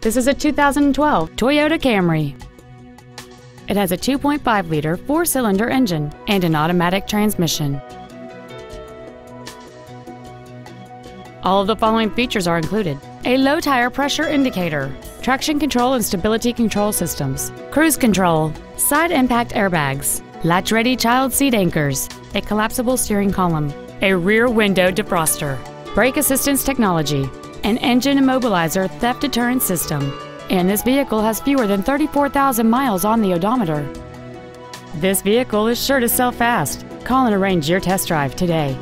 This is a 2012 Toyota Camry. It has a 2.5-liter four-cylinder engine and an automatic transmission. All of the following features are included. A low tire pressure indicator, traction control and stability control systems, cruise control, side impact airbags, latch-ready child seat anchors, a collapsible steering column, a rear window defroster, brake assistance technology, an engine immobilizer theft deterrent system, and this vehicle has fewer than 34,000 miles on the odometer. This vehicle is sure to sell fast. Call and arrange your test drive today.